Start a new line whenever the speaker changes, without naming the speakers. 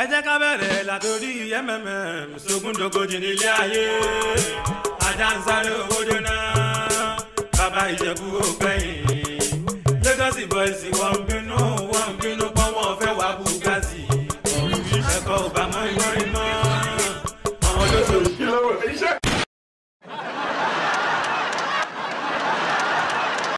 ẹ jẹ́ ká bẹ̀rẹ̀ látòrí mmm sógúndógójì nílé ayé ajá ń sáré owó jóná bàbá ìjẹ̀bú ó gbẹ̀yìn Lagos boys wọ́n ń bínú wọ́n ń bínú pọ́n wọ́n fẹ́ wá bùgàtì ẹ̀kọ́ ò bá